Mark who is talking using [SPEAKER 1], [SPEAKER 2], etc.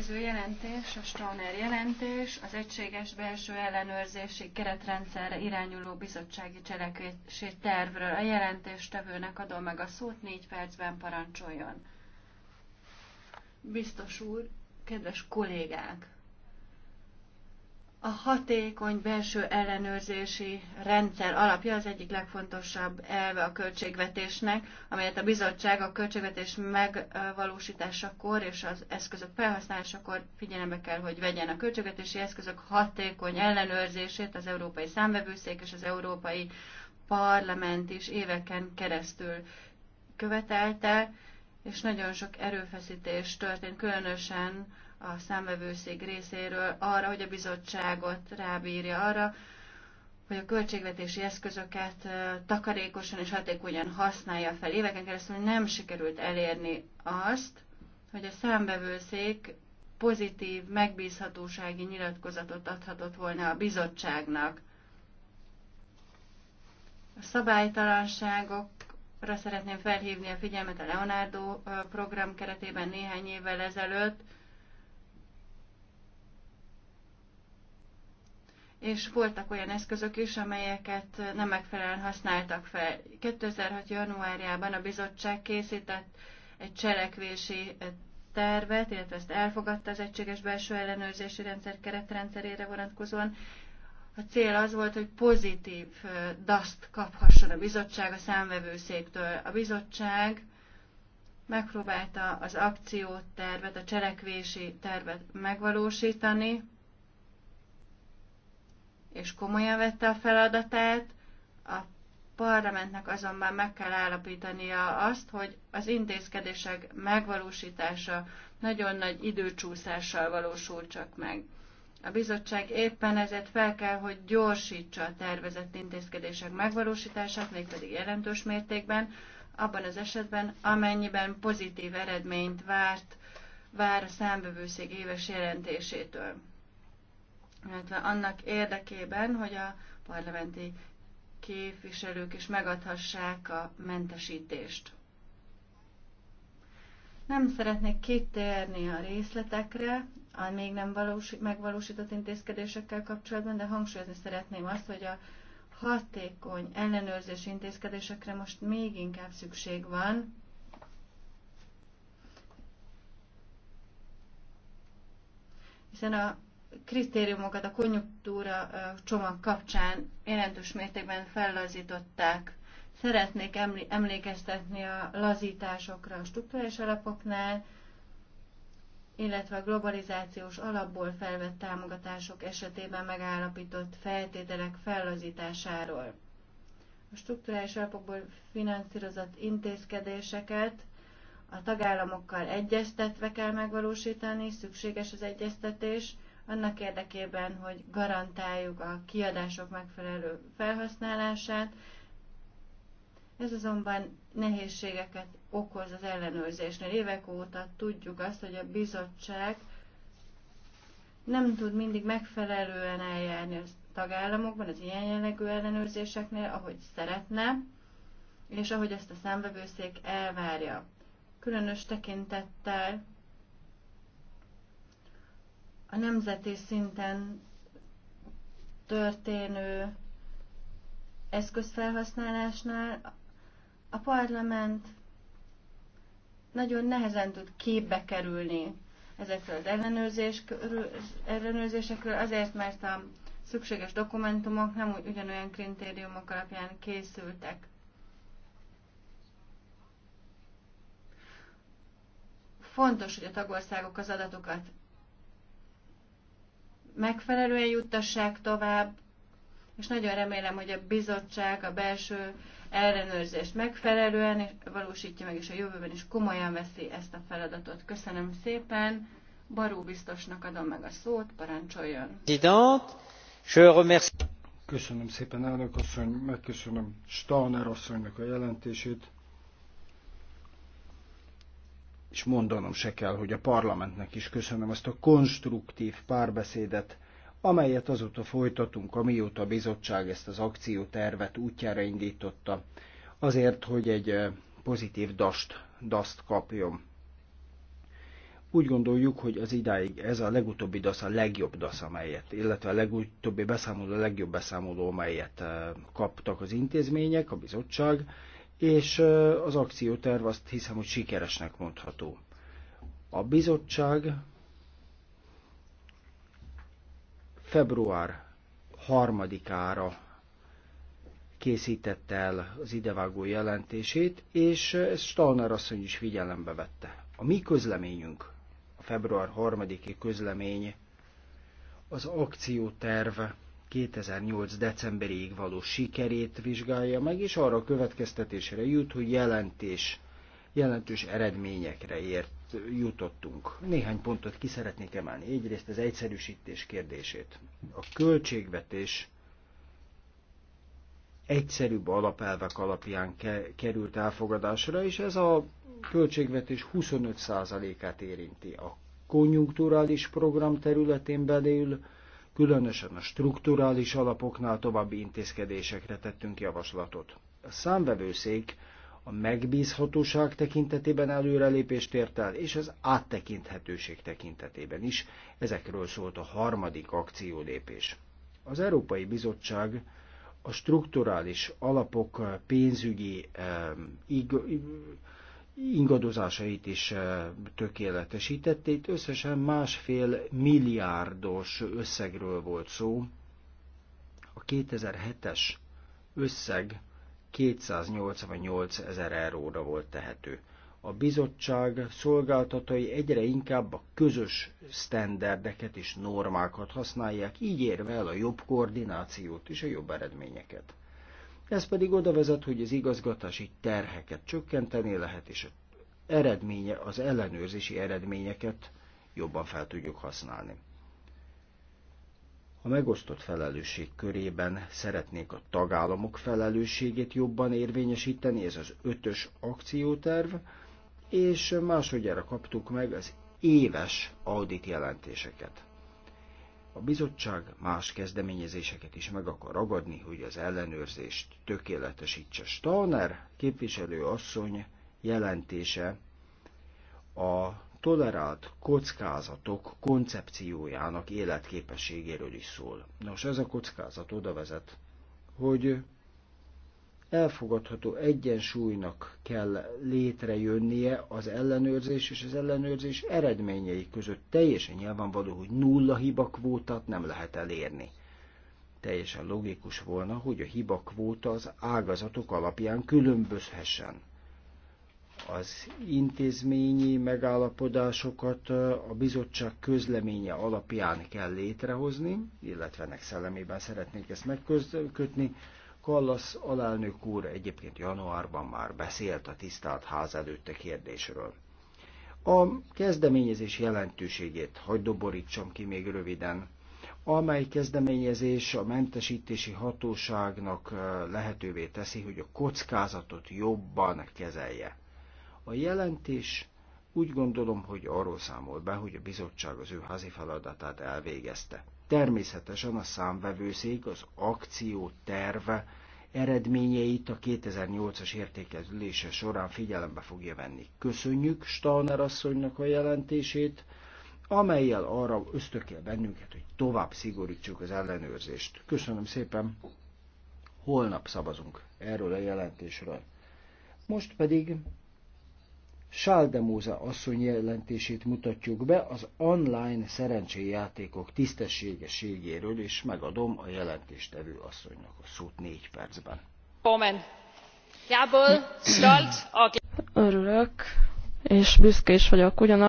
[SPEAKER 1] következő jelentés, a Strauner jelentés, az egységes belső ellenőrzési keretrendszerre irányuló bizottsági cselekvési tervről. A jelentéstevőnek adom meg a szót, négy percben parancsoljon. Biztos úr, kedves kollégák! A hatékony belső ellenőrzési rendszer alapja az egyik legfontosabb elve a költségvetésnek, amelyet a bizottság a költségvetés megvalósításakor és az eszközök felhasználásakor figyelembe kell, hogy vegyen a költségvetési eszközök hatékony ellenőrzését az Európai Számvevőszék és az Európai Parlament is éveken keresztül követelte, és nagyon sok erőfeszítés történt, különösen a számvevőszék részéről arra, hogy a bizottságot rábírja arra, hogy a költségvetési eszközöket takarékosan és hatékonyan használja fel. Éveken keresztül nem sikerült elérni azt, hogy a számbevőszék pozitív, megbízhatósági nyilatkozatot adhatott volna a bizottságnak. A szabálytalanságokra szeretném felhívni a figyelmet a Leonardo program keretében néhány évvel ezelőtt, és voltak olyan eszközök is, amelyeket nem megfelelően használtak fel. 2006. januárjában a bizottság készített egy cselekvési eh, tervet, illetve ezt elfogadta az egységes belső ellenőrzési rendszer keretrendszerére vonatkozóan. A cél az volt, hogy pozitív eh, daszt kaphasson a bizottság a számvevőszéktől. A bizottság megpróbálta az akciótervet, a cselekvési tervet megvalósítani, és komolyan vette a feladatát, a parlamentnek azonban meg kell állapítania azt, hogy az intézkedések megvalósítása nagyon nagy időcsúszással valósul csak meg. A bizottság éppen ezért fel kell, hogy gyorsítsa a tervezett intézkedések megvalósítását, mégpedig jelentős mértékben, abban az esetben, amennyiben pozitív eredményt várt, vár a számbevőszék éves jelentésétől illetve annak érdekében, hogy a parlamenti képviselők is megadhassák a mentesítést. Nem szeretnék kitérni a részletekre, a még nem valósi, megvalósított intézkedésekkel kapcsolatban, de hangsúlyozni szeretném azt, hogy a hatékony ellenőrzés intézkedésekre most még inkább szükség van, hiszen a kritériumokat a konjunktúra csomag kapcsán jelentős mértékben fellazították. Szeretnék emlékeztetni a lazításokra a struktúrás alapoknál, illetve a globalizációs alapból felvett támogatások esetében megállapított feltételek fellazításáról. A struktúrális alapokból finanszírozott intézkedéseket a tagállamokkal egyeztetve kell megvalósítani, szükséges az egyeztetés, annak érdekében, hogy garantáljuk a kiadások megfelelő felhasználását. Ez azonban nehézségeket okoz az ellenőrzésnél. Évek óta tudjuk azt, hogy a bizottság nem tud mindig megfelelően eljárni a tagállamokban, az ilyen jellegű ellenőrzéseknél, ahogy szeretne, és ahogy ezt a számvevőszék elvárja. Különös tekintettel a nemzeti szinten történő eszközfelhasználásnál a parlament nagyon nehezen tud képbe kerülni ezekről az ellenőrzésekről, azért, mert a szükséges dokumentumok nem ugyanolyan kritériumok alapján készültek. Fontos, hogy a tagországok az adatokat megfelelően juttassák tovább, és nagyon remélem, hogy a bizottság a belső ellenőrzést megfelelően valósítja meg, és a jövőben is komolyan veszi ezt a feladatot. Köszönöm szépen, Baró biztosnak adom meg a szót, parancsoljon.
[SPEAKER 2] Köszönöm szépen, elnök asszony, megköszönöm Stauner asszonynak a jelentését és mondanom se kell, hogy a parlamentnek is köszönöm azt a konstruktív párbeszédet, amelyet azóta folytatunk, amióta a bizottság ezt az akciótervet útjára indította, azért, hogy egy eh, pozitív dast, daszt kapjon. Úgy gondoljuk, hogy az idáig ez a legutóbbi dasz a legjobb dasz, amelyet, illetve a legutóbbi beszámoló a legjobb beszámoló, amelyet eh, kaptak az intézmények, a bizottság, és az akcióterv azt hiszem, hogy sikeresnek mondható. A bizottság február harmadikára készítette el az idevágó jelentését, és ezt Stalner asszony is figyelembe vette. A mi közleményünk, a február harmadiki közlemény az akcióterv 2008. decemberéig való sikerét vizsgálja meg, és arra a következtetésre jut, hogy jelentés, jelentős eredményekre ért, jutottunk. Néhány pontot ki szeretnék emelni. Egyrészt az egyszerűsítés kérdését. A költségvetés egyszerűbb alapelvek alapján került elfogadásra, és ez a költségvetés 25%-át érinti. A konjunkturális program területén belül különösen a strukturális alapoknál további intézkedésekre tettünk javaslatot. A számvevőszék a megbízhatóság tekintetében előrelépést ért el, és az áttekinthetőség tekintetében is. Ezekről szólt a harmadik akciólépés. Az Európai Bizottság a strukturális alapok pénzügyi eh, ig, ingadozásait is eh, tökéletesítette. Itt összesen másfél milliárdos összegről volt szó. A 2007-es összeg 288 ezer euróra volt tehető. A bizottság szolgáltatói egyre inkább a közös sztenderdeket és normákat használják, így érve el a jobb koordinációt és a jobb eredményeket. Ez pedig oda vezet, hogy az igazgatási terheket csökkenteni lehet, és az eredménye, az ellenőrzési eredményeket jobban fel tudjuk használni. A megosztott felelősség körében szeretnék a tagállamok felelősségét jobban érvényesíteni, ez az ötös akcióterv, és másodjára kaptuk meg az éves audit jelentéseket. A bizottság más kezdeményezéseket is meg akar ragadni, hogy az ellenőrzést tökéletesítse. Stalner képviselő asszony jelentése a tolerált kockázatok koncepciójának életképességéről is szól. Nos, ez a kockázat oda vezet, hogy elfogadható egyensúlynak kell létrejönnie az ellenőrzés és az ellenőrzés eredményei között. Teljesen nyilvánvaló, hogy nulla hibakvótát nem lehet elérni. Teljesen logikus volna, hogy a hibakvóta az ágazatok alapján különbözhessen. Az intézményi megállapodásokat a bizottság közleménye alapján kell létrehozni, illetve ennek szellemében szeretnék ezt megkötni, Kallasz alelnök úr egyébként januárban már beszélt a tisztelt ház előtte kérdésről. A kezdeményezés jelentőségét hagy doborítsam ki még röviden, amely kezdeményezés a mentesítési hatóságnak eh, lehetővé teszi, hogy a kockázatot jobban kezelje. A jelentés úgy gondolom, hogy arról számol be, hogy a bizottság az ő házi feladatát elvégezte. Természetesen a számvevőszék az akció terve eredményeit a 2008-as értékelése során figyelembe fogja venni. Köszönjük Stalner asszonynak a jelentését, amelyel arra ösztökél bennünket, hogy tovább szigorítsuk az ellenőrzést. Köszönöm szépen, holnap szavazunk erről a jelentésről. Most pedig Sáldemóza asszony jelentését mutatjuk be az online szerencséjátékok tisztességességéről, és megadom a jelentéstevő asszonynak a szót négy percben.
[SPEAKER 1] Omen. Jából, stolt, Örülök, és büszke is vagyok ugyanak.